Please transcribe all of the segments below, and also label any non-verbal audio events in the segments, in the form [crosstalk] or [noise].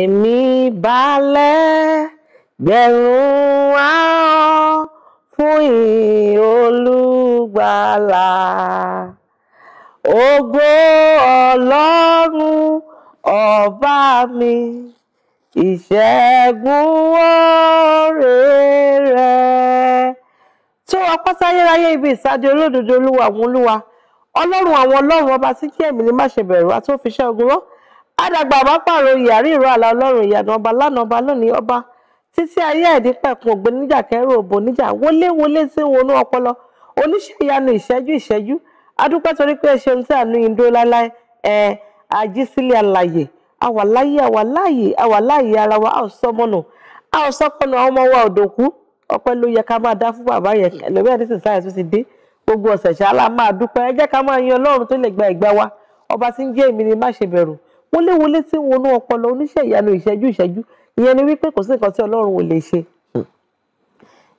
èmi balẹ̀ gbẹ̀rún ahọ́n fún yìn olùgbàlà ògo ọlọ́run ọba mi ìṣẹ́gun ọ̀rẹ́ rẹ̀ tó ọpọ́ sáyéráyé ibi ìsáde olódodo olúwa àwọn olúwa ọlọ́run àwọn ọlọ́run ọba tí kí ẹ̀mí ní má ṣe bẹ̀rù wa tó ogun rán àdàgbà ọba pàròyìn àríìrọ àlà ọlọ́run ìyànà ọba lánà ọba lónìí ọba títí ayé ẹ̀dí pẹ̀kun ògbé níjà kẹrù òbò níjà wọlé wọlé sí wọnú ọpọlọ oníṣẹ́ ìyanu ìṣẹ́jú ìṣẹ́jú adúpẹ́ torí pé ṣeun tí àánú yìí ń dúró láéláé ẹ ajísílẹ̀ àlàyé àwà láyé àwà ara wa àwọ sọmọnà àwọ sọkànnà àwọn ọmọ wa òdòkú ọpẹ́ ló yẹ ká máa dá fún bàbá yẹn ẹlòmíràn ní sísáyà tó ti dé gbogbo ọ̀sẹ̀ ṣáá la máa dúpẹ́ ẹ ká máa yan Ọlọ́run tó lè gba ìgbà wa ọba tí ń jẹ́ èmi ni má ṣe bẹ̀rù wọléwọlé tí ń wọnú ọpọlọ oníṣẹ́ ìyanu ìṣẹ́jú ìṣẹ́jú ìyẹn ni wípé kò sí nǹkan tí ọlọ́run ò lè ṣe hmm.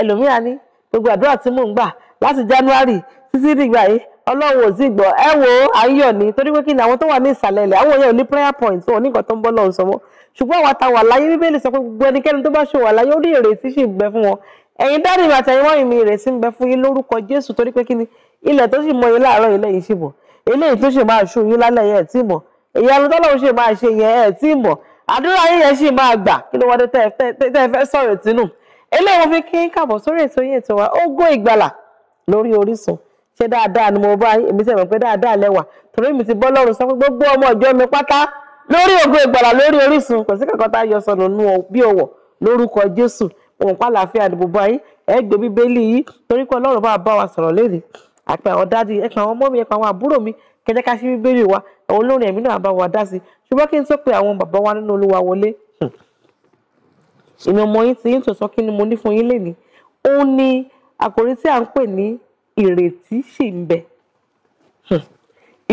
ẹlòmíà ní gbogbo àdúrà tí mò ń gbà láti january títí dìgbà yìí ọlọ́run ò sì gbọ́ ẹ wo àyọ̀ ni torí pé kí ni àwọn tó wà ní ìsàlẹ̀ ilẹ̀ àwọn yẹn ò ní prayer point wọn ní nǹkan tó ń bọ́ lọ́run sọmọ́ ṣùgbọ́n àwọn àtàwọn àlàyé bíbélì sọ pé gbogbo ẹnikẹ́ni tó bá ṣe wà láyé ó rí ìrètí sì ń bẹ fún wọn ẹ̀yin dáàdì àti ẹ̀yin wọ́n ìmì ìrètí ń bẹ fún yín lórúkọ jésù torí pé kí ni ilẹ̀ tó sì mọ yín láàárọ̀ ilẹ̀ yìí sì mọ̀ eléyìí tó sì máa ṣú yín lálẹ́ yẹn ẹ̀ tí mọ̀ ìyanu tọ́lọ́run ṣe máa ṣe yẹn ẹ̀ tí mọ̀ àdúrà yín yẹn ṣì máa gbà kí ló wọlé tẹ́ ẹ fẹ́ sọ̀rọ̀ tínú eléyìí mo fi kí n kàbọ̀ sórí ètò yín ètò wa Ògo Ìgbàlà lórí Orísun ṣé dáadáa ni mo bá èmi sì mọ̀ pé dáadáa lẹ́wà torí mi ti bọ́ lọ́rùn sọ pé gbogbo ọmọ ìjọ mi pátá lórí Ògo Ìgbàlà lórí Orísun kò sí kankan tá a yọ sọnù nù bí ọwọ́ lórúkọ Jésù òun pàlàfíà ni mo bá yín ẹ gbé bíbélì yìí torí pé Ọlọ́run bá bá wa sọ̀rọ̀ lẹ́nìí àpẹ àwọn dádì ẹ pa àwọn ọmọ mi ẹ pa àwọn àbúrò mi kẹjẹ ká ṣe bíbélì wa àwọn olórin ẹ̀mí náà bá wa dá sí ṣùgbọ́n kí n tó pe àwọn bàbá wa nínú Olúwa wọlé hmm. èmi ọmọ yín ti yín tòótọ́ kí ni mo ní fún yín lénìí òun ni àkòrí tí à ń pè ní ìrètí ṣì hmm. ń bẹ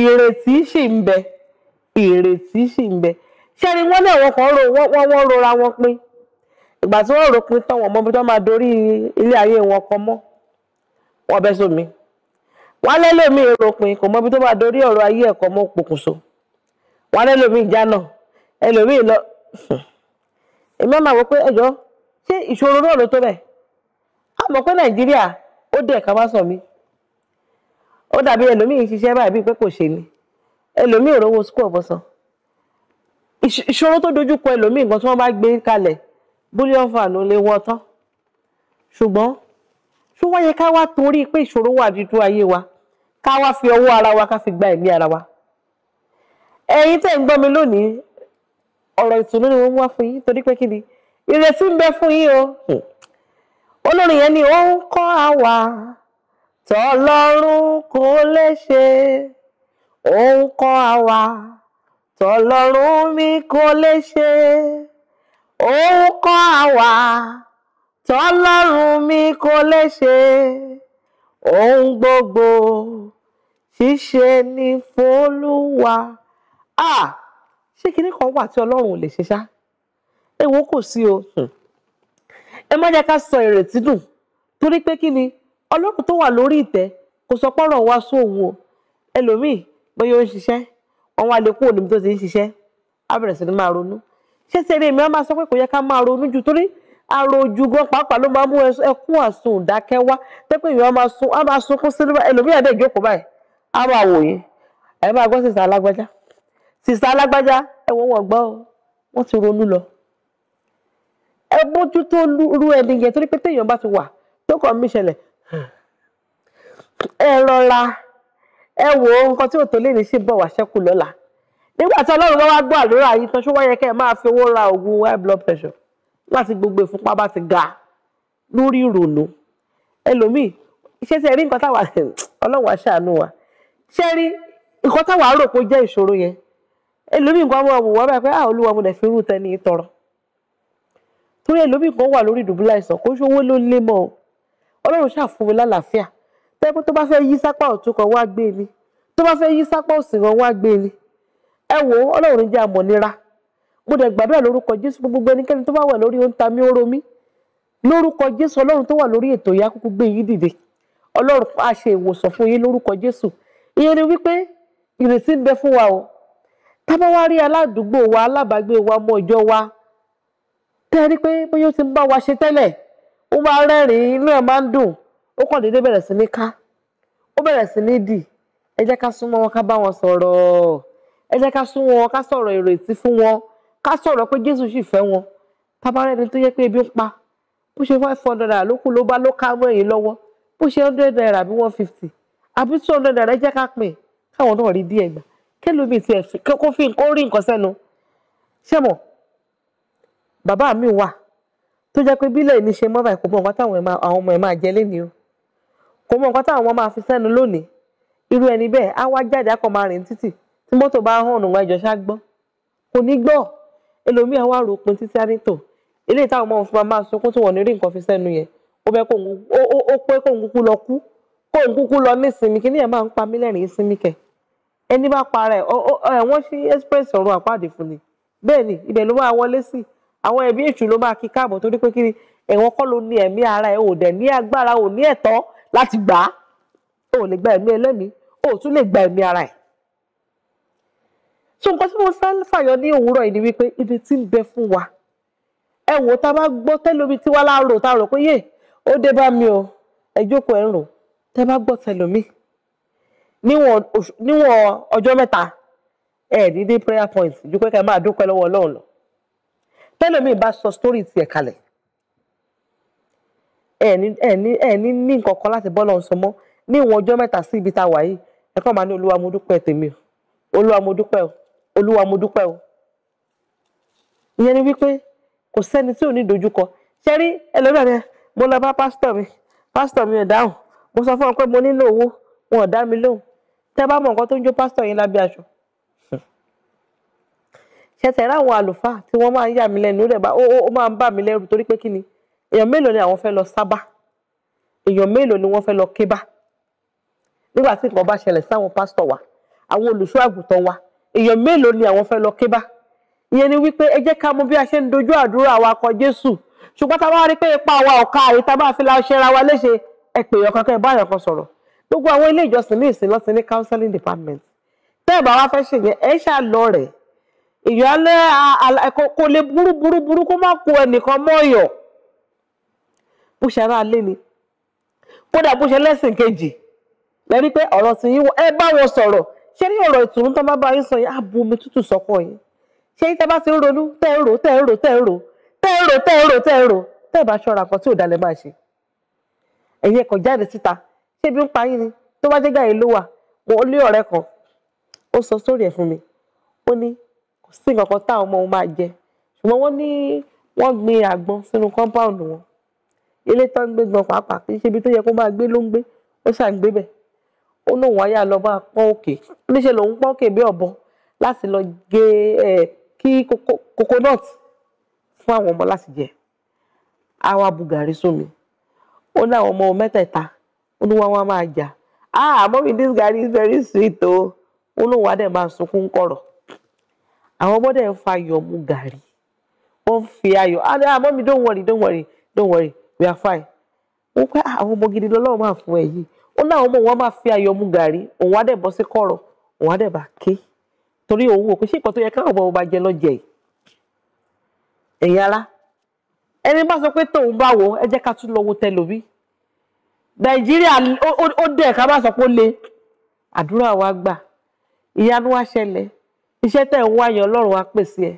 ìrètí ṣì ń bẹ ìrètí ṣì ń bẹ ṣé ni wọ́n ní àwọn kan rò wọ́n wọ́n rora wọn pin ìgbà tí wọ́n rò pin tán wọ́n mọ bí wọ́n máa dorí ilé ayé wọn kan mọ́ wọ́n bẹ́ sómi. So wọn lẹ́lòmíì ropin kò mọbi tó máa dorí ọ̀rọ̀ ayé ẹ̀kọ́ mọ́ pokùnso wọn lẹ́lòmíì jánà ẹlòmíì lọ hmm, èmi máa wọ pé ẹjọ́ ṣé ìṣòro náà ló tó bẹ́ẹ̀ a mọ̀ pé nàìjíríà ó dẹ̀ ká má sọ mi ó dàbí ẹlòmíì ṣiṣẹ́ báyìí bíi pé kò ṣe ni ẹlòmíì ò rówó sukú ọ̀bọ̀sán ìṣòro tó dojú kọ ẹlòmíì nǹkan tí wọ́n bá gbé kalẹ̀ búlíọ̀n fà ló lè wọ́ tán ṣùgbọ́n ṣó wáyé ká wá torí pé ìṣòro wà dídú ayé wa ká wá fi ọwọ́ ara wa ká fi gba ẹ̀mí ara wa ẹ̀yin tẹ́ ń gbọ́ mi lónìí ọ̀rọ̀ ìtùnú ni wọ́n wá fún yín torí pé kí ìrètí ń bẹ fún yín o hmm. olórin yẹn ni ó ń kọ́ àwa tọ́lọ́run kò lè ṣe ó ń kọ́ àwa tọ́lọ́run mi kò lè ṣe ó ń kọ́ àwa tọ́lọ́run mi kò lè ṣe ohun gbogbo. ṣíṣe ní fọlúwa à ṣé kinní kan wà tí ọlọ́run ò lè ṣe ṣá èwo kò sí o hmm. ẹ má jẹ́ ká sọ ìrètí dùn torí pé kí ni ọlọ́run tó wà lórí ìtẹ́ kò sọ pọ́rọ̀ wá sóhun o ẹlòmíì bóyá ó ń ṣiṣẹ́ wọn wá lè kúrò níbi tó ti ń ṣiṣẹ́ á bẹ̀rẹ̀ sí ni máa ronú ṣé sẹ́ni èmi á máa sọ pé kò yẹ ká máa ronú ju torí àròjù gan pàápàá ló máa mú ẹkún àsùn ìdákẹ́wá tẹ́pẹ́ èèyàn á máa sunkún sí ẹlòmíì àdé ìjókòó báyìí á máa wò yín ẹ máa gbọ́ sísá alágbájá sísá alágbájá ẹ wọ́n wọ́n gbọ́ wọ́n ti ronú lọ ẹ mójútó rú ẹni yẹn torí pé téèyàn bá ti wà tó kàn mí ṣẹlẹ̀ ẹ rọra ẹ wò ó nǹkan tí òtò lẹ́ni sì bọ̀ wá ṣẹ́kù lọ́la nígbà tí ọlọ́run bá wá gbọ́ àdúrà yìí tán ṣó wá yẹ kẹ́ ẹ máa fi owó ra oògùn high blood pressure láti gbogbo ìfúnpá bá ti ga lórí ìrònú ẹlòmíì iṣẹ́ tí rí nǹkan táwa ọlọ́run á ṣàánú wa ṣe rí nǹkan táwa rò pé ó jẹ́ ìṣòro yẹn ẹlòmíì nǹkan wọn wọ́n bá pẹ́ à olúwa mo dẹ̀ fi irú tẹ́ni tọrọ torí ẹlòmíì kan wà lórí ìdùbúlẹ̀ àìsàn kó ṣówó ló lé mọ́ o ọlọ́run ṣàfún mi lálàáfíà tẹ́gbẹ́ tó bá fẹ́ yí sápá ọ̀tún kan wá gbé ni tó bá fẹ́ yí sápá òsì kan wá gbé ni ẹ wò ó ọlọ́run jẹ́ àmọ̀ nira mo dẹ̀ gbàdúrà lórúkọ jésù gbogbo ẹnikẹ́ni tó bá wà lórí oúnta mi ó romí lórúkọ jésù ọlọ́run tó wà lórí ètò ìyá kúkú gbé yín dìde ọlọ́run á ṣe ìwòsàn fún yín lórúkọ jésù ìyẹn ni wípé ìrètí ń bẹ fún wa o tábà wá rí aládùúgbò wa alábàágbé wa ọmọ ìjọ wa tẹ́ ẹ rí pé bóyá ó ti ń bá wa ṣe tẹ́lẹ̀ ó máa rẹ́rìn-ín inú ẹ̀ máa ń dùn ó kàn déédéé bẹ̀rẹ̀ sí ní ká ó bẹ̀rẹ̀ sí ní dì ẹ jẹ́ ká súnmọ́ wọn ká bá wọn sọ̀rọ̀ ẹ jẹ́ ká súnmọ́ wọn ká sọ̀rọ̀ ìrètí fún wọn ká sọ̀rọ̀ pé Jésù sì fẹ́ wọn tábà rẹ́ni tó yẹ pé ebi ń pa bó ṣe five hundred naira ló kù ló bá ló ká mọ́ èyí lọ́wọ́ bó ṣe hundred naira bí one fifty àbí two hundred naira jẹ́ ká pín káwọn náà rí díẹ̀ gbà kẹlòmíì ti ẹ̀fìn kó fi kó rí nǹkan sẹ́nu ṣé mọ̀ bàbá mi wà tó jẹ́ pé bílẹ̀ ní ṣe mọ́bà kò mọ nǹkan táwọn ọmọ ẹ̀ máa jẹ lẹ́ni o kò mọ nǹkan táwọn ọmọ máa fi sẹ́nu lónìí irú ẹni bẹ́ẹ̀ á wá jáde á kàn máa rìn títì tí mọ́tò bá hàn òun ẹjọ́ ṣá gbọ́ kò ní gbọ́ ẹlòmíì á wá rò pin títí á ní tò eléyìí táwọn ọmọ òun fún wa máa sunkún tí wọ́n ní rí nǹkan fi sẹ́nu yẹn ó pé kóun kúkú lọ kú kó n kúkú lọ nísinmi kí ni ẹ máa ń pa mí lẹ́rìn ìsinmi kẹ ẹni bá para ẹ ẹ̀wọ̀n sí express ọ̀run àpáàdé fún ni bẹ́ẹ̀ ni ibẹ̀ ló máa wọlé sí àwọn ẹbí èṣù ló máa kí káàbọ̀ torí pé kiri ẹ̀wọ̀n kọ́ ló ní ẹ̀mí ara ẹ ò dẹ̀ ní agbára ò ní ẹ̀tọ́ láti gbà á ò lè gba ẹ̀mí ẹlẹ́mìí ò tún lè gba ẹ̀mí ara ẹ̀ so nǹkan tí mo fẹ́ fàyọ ní òwúrọ̀ yìí ni wípé ibi tí ń bẹ fún wa ẹ wò tá a bá gbọ́ tẹ́lómi tí wá láàárọ̀ tá a rò pé yé ó bá mi o ẹ jókòó ẹ ń rò tẹ́ bá gbọ́ tẹlòmíì níwọ̀n ọjọ́ mẹ́ta ẹ̀ dídé prayer point ju pé ká máa dúpẹ́ lọ́wọ́ ọlọ́run lọ tẹlòmíì bá sọ story tiẹ̀ kalẹ̀ ẹ̀ ní ẹ̀ ní ẹ̀ ní ní nǹkan kan láti bọ́ lọ́run sọ mọ́ níwọ̀n ọjọ́ mẹ́ta sí ibi tá a wà yìí ẹ kàn máa ní olúwa mo dúpẹ́ tèmi o olúwa mo dúpẹ́ o olúwa mo dúpẹ́ o ìyẹn ni wípé kò sẹ́ni tí ò ní dojúkọ ṣẹ́rí ẹlòmíràn mo lọ bá pásítọ̀ mi pásítọ̀ mi ò dáhùn mo sọ fún wọn pé mo nílò owó wọn ò dá mi lóhùn tẹ́ bá mọ nǹkan tó ń jó pásítọ̀ yín lábẹ́ aṣọ ṣẹ̀ṣẹ̀ ráwọn àlùfáà tí wọ́n máa ń yà mí lẹ́nu rẹ̀ ó máa ń bà mí lẹ́rù torí pé kí ni èèyàn mélòó ni àwọn fẹ́ lọ sábà èèyàn mélòó ni wọ́n fẹ́ lọ kébà nígbà tí nǹkan bá ṣẹlẹ̀ sáwọn pásítọ̀ wa àwọn olùṣọ́ àgùntàn wa èèyàn mélòó ni àwọn fẹ́ lọ kébà ìyẹn ni wípé ẹ jẹ́ ká mọ bí a ṣe ń dojú àdúrà wa kọ Jésù ṣùgbọ́n tá rí pé ipa wa ọ̀ka àyíká bá fi la ṣe wa léṣe ẹ pè yàn kankan ẹ bá yàn kan sọ̀rọ̀ gbogbo àwọn ilé ìjọsìn ní ìsìn lọ́sìn ní counseling department tẹ́ ẹ̀ bá wá fẹ́ ṣe yẹn ẹ ṣáà lọ rẹ̀ ìyálẹ́ kò lè burúburúburú kó má kó ẹnìkan mọ́ọ̀yọ̀ bó ṣe ara lé ni kódà bó ṣe lẹ́sìn kejì lẹ́rí pé ọ̀rọ̀ tí yín ẹ bá wọn sọ̀rọ̀ ṣé ní ọ̀rọ̀ ìtùnú tó bá bá yín sọ yín á bu omi tútù sọ́kọ̀ yín ṣé yín tẹ́ bá ti ń ronú tẹ́ ń rò tẹ́ ń rò tẹ́ ń rò tẹ́ ń rò tẹ́ ń rò tẹ́ ń bá ṣọ́ra kan tí ò dalẹ̀ máa ṣe ẹ̀yin ẹ̀kọ́ jáde síta ṣé ibi ń pa yín ni tó bá jẹ́gbà yín ló wà mo lé ọ̀rẹ́ kan ó sọ sórí ẹ̀ fún mi ó ní kò sí nǹkan kan táwọn ọmọ òun máa jẹ ṣùgbọ́n wọ́n ní wọ́n gbin àgbọn sínú compound wọn ilé tó ń gbé gan pàápàá kì í ṣe ibi tó yẹ kó máa gbé ló ń gbé ó ṣà ń gbé bẹ̀ ó lóun wáyà lọ máa pọ́n òkè níṣẹ́ lòun pọ́n òkè bí ọ̀bọ láti lọ gé ẹ̀ kí coconut fún àwọn ọmọ láti jẹ àwa bùgàrí sómi ó láwọn ọmọ mẹ́tẹ̀ẹ̀ta ó ní wọ́n wá máa jà ah mommy this guy is very sweet o ó lóun wá dẹ̀ máa sunkún kọ̀rọ̀ àwọn ọmọdé ń fa ayọ̀ mu gàrí wọ́n fi ayọ̀ ah, ah mommy don't worry don't worry don't worry we are fine wọ́n pẹ́ ah, àwọn ọmọ gidi lọ́wọ́ máa fún ẹ yìí ó láwọn ọmọ wọn máa fi ayọ̀ mu gàrí òun wá dẹ̀ bọ́ sí kọ̀rọ̀ òun wá dẹ̀ bá ké torí òun ò pé ṣé ìkọ́ tó yẹ káwọn ọmọ ọba jẹ lọ́jẹ̀ yìí ẹ̀yin ara ẹni bá sọ pé tóun bá wò ẹ jẹ́ ká tún lọ wo tẹlómi nàìjíríà ó dẹ̀ ká má sọ pé ó le àdúrà wa gbà ìyanu wa ṣẹlẹ̀ iṣẹ́ tẹ̀ ń wá yẹn ọlọ́run wa pèsè ẹ̀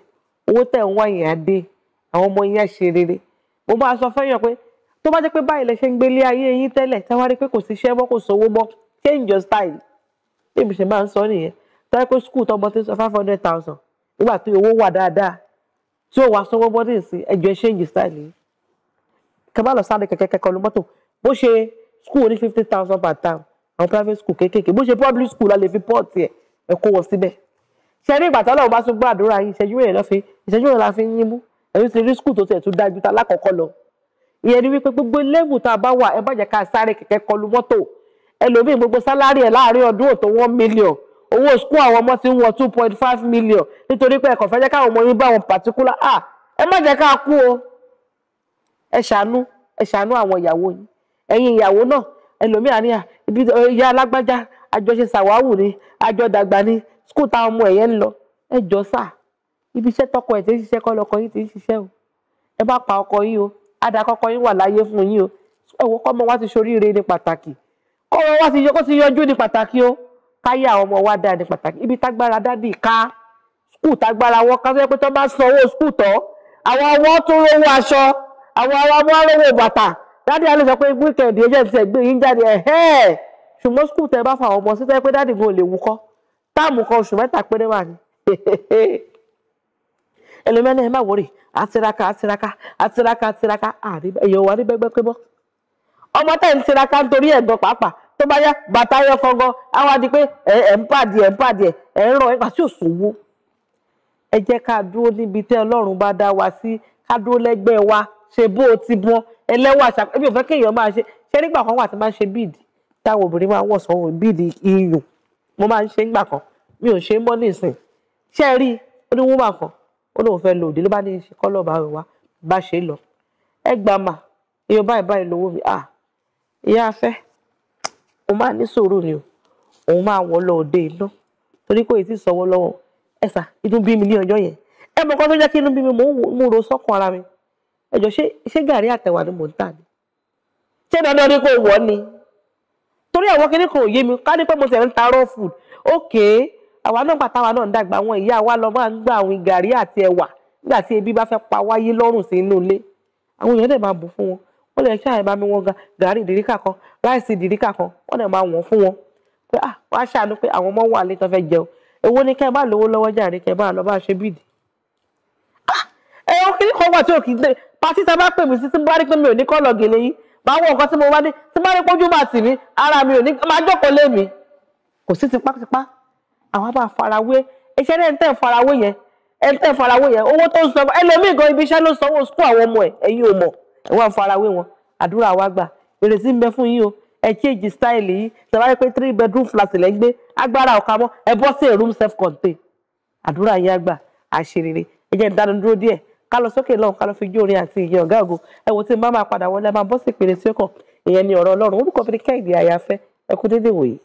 owó tẹ̀ ń wá yẹn á dé àwọn ọmọ yẹn á ṣe rere mo máa sọ fẹ́yàn pé tó bá jẹ́ pé báyìí lẹ ṣe ń gbélé ayé yín tẹ́lẹ̀ tẹ́ wá rí pé kò sí iṣẹ́ mọ́ kò sówó mọ́ change your style bí èmi ṣe máa ń sọ nìyẹn tọ́ pé school tọmọ ti sọ five hundred thousand nígbà tí owó wà dáadáa tí ó wà sanwó bọ́dí sí ẹjọ́ ẹ ṣéǹjì style yìí kẹbà lọ sáré kẹ̀kẹ́ kẹkọ lu mọ́tò bó ṣe school ní fifty thousand per term àwọn private school kéékèèké bó ṣe public school la lè fi pọ́ọ̀tì ẹ̀ ẹ kó wọ síbẹ̀ ṣe ní ìgbà tọ́lọ́wọ́ bá tún gbàdúrà yín ìṣẹ́jú rẹ̀ lọ́fẹ́ ìṣẹ́jú rẹ̀ la fi ń yín mú ẹ̀yìn ti rí school tó tiẹ̀ tún dájú ta lákọ̀ọ́kọ́ lọ ìyẹn ni wípé gbogbo lẹ́bù tá a bá wà ẹ bá jẹ́ ká sáré kẹ̀kẹ́ kọlu mọ́tò ẹlòmíì gbogbo sálárì ẹ̀ láàrin ọdún òtò one million owó skul àwọn ọmọ ti ń wọ two point five million nítorí pé ẹ̀kọ́ fẹ́ jẹ́ káwọn ọmọ yín bá wọn particular ah ẹ má jẹ́ ká kú o ẹ ṣàánú ẹ ṣàánú àwọn ìyàwó yín ẹ̀yin ìyàwó náà ẹlòmíì àníyàn ah, ibi eh, ìyá alágbájá àjọṣe sàwáwù ni àjọ dàgbà ni skul táwọn ọmọ ẹ̀yẹ ń lọ ẹ jọ sáà ibi iṣẹ́ tọkọ ẹ̀ tí ń ṣiṣẹ́ kọ́ lọkọ yín tí ń ṣiṣẹ́ o ẹ bá pa ọkọ yín o adakọkọ yín wà láyé fún yín o ẹ̀wọ́ kọ́mọ wá ti ṣoríire ní pàtàkì kọ́mọ wá ti yọjú ni pàtàkì o káyà ọmọ wa dáa ní pàtàkì ibi tágbára dádì ká skul tágbára wọn ká sọ pé tó bá sanwó skul tọ́ àwọn ọmọ tó rówó aṣọ àwọn ọmọ rówó bàtà dádì alẹ́ sọ pé wíkẹ̀ndì ẹjẹ́ ti ẹ̀gbìn yín jáde ẹ̀hẹ́ ṣùgbọ́n skul tẹ bá fa ọmọ sí tẹ́ pé dádì gan lè wúkọ́ táàmù kan oṣù mẹ́ta péré wà ní [laughs] ẹlòmíràn ẹ má wọrí àtiraka àtiraka àtiraka àtiraka àrí ẹ̀yọ̀ wà ní bẹ́gbẹ́ pé bọ́ ọmọ tẹ̀ ń tiraka nítorí ẹ̀gbọ́n pàápàá tó bá yá bàtà yọ kangan àwọn adi pé ẹ ẹ ń pàdé ẹ ń pàdé ẹ ń rọ nípa tí ò sówó ẹ jẹ́ ká dúró níbi tẹ́ Ọlọ́run bá dá wa sí ká dúró lẹ́gbẹ̀ẹ́ wa ṣe bó o ti bọ́ ẹlẹ́wà ṣàkó ẹbí ò fẹ́ kéèyàn máa ṣe ṣé nígbà kan wà tí máa ń ṣe bíìdì táwọn obìnrin máa ń wọ̀ sọ́run bíìdì iyùn mo máa ń ṣe ńgbà kan mi ò ṣe mọ́ nísìn ṣé rí oníwúmà kan ó lóun fẹ́ lòdì ló bá ní ṣe kọ́ lọ́ọ̀bá rẹ̀ bá ṣe lọ ẹ gbà mà èèyàn báyìí báyìí lówó mi à ìyá afẹ́ mo máa ní sùúrù ni o òun máa wọ lọ òde iná torí kò tí ì sọwọ lọ́wọ́ ẹ sà inú bí mi ní ọjọ́ yẹn ẹ mọ kọ́ tó jẹ́ kí inú bí mi mo ro sọ́kàn ara mi ẹ jọ ṣé gàrí àtẹ̀wà ni mò ń tà ni ṣé dandan ni kò wọ́ ni torí àwọn kinní kan ò yé mi ká ní pé mo tẹ̀ ń ta raw food okay àwa náà gbà táwa náà ń dàgbà àwọn ìyá wa lọ máa ń gbà àwọn gàrí àti ẹ̀wà nígbà tí ebi bá fẹ́ pa wáyé lọ́rùn sí inú ilé àwọn èèyàn dẹ̀ máa bù fún wọn wọ́n lè ṣáà bá mi wọn gàrí ìdíríkà kan láìsí ìdìríkà kan wọ́n dẹ̀ máa wọ̀n fún wọn pé ah wọ́n á ṣàánú pé àwọn ọmọ wà lé tán fẹ́ jẹun èwo ni kẹ́ ẹ bá lówó lọ́wọ́ jàre kẹ́ ẹ bá lọ bá ṣe bíìdì. Ah, ẹ̀rọ kìíní kan wà tí ò kì í dé pàtí tá a bá pè mí sí tí mo bá rí pé mi ò ní kọ́ lọ gèlè yìí máa wọ nǹkan tí mo bá dé tí bá rí pójú máa tì mí ara mi ò ní máa jókòó lé mi kò sí tipátipá àwọn bá farawé iṣẹ́ náà ń tẹ̀ farawé yẹn ẹ̀ ń tẹ̀ farawé yẹn owó tó ń sọ ẹlòmíì gan ibi iṣẹ́ ló sanwó sukú àwọn ọmọ ẹ̀ ẹ̀yin ò mọ̀ ẹ̀ wọ́n farawé wọn àdúrà wa gbà ìrètí ń bẹ fún yín o ẹ change style yìí ṣàbá yẹ pé three bedroom flat lẹ́ ń gbé agbára ọ̀ka mọ́ ẹ bọ́ sí room self contain àdúrà yín àgbà àṣerere ẹ jẹ́ ìdánu dúró díẹ̀ ká lọ sókè lọ́hùn ká lọ fi jó orin àti ìyẹn ọ̀gá ògo ẹ wo tí n bá máa padà wọlé ẹ máa bọ́ sí ìpele tí ó kàn ìyẹn ni ọ̀rọ̀ ọlọ́run orúkọ mi ni Kẹ́hìndé Àyàfẹ́ ẹ kú déédéé wòye.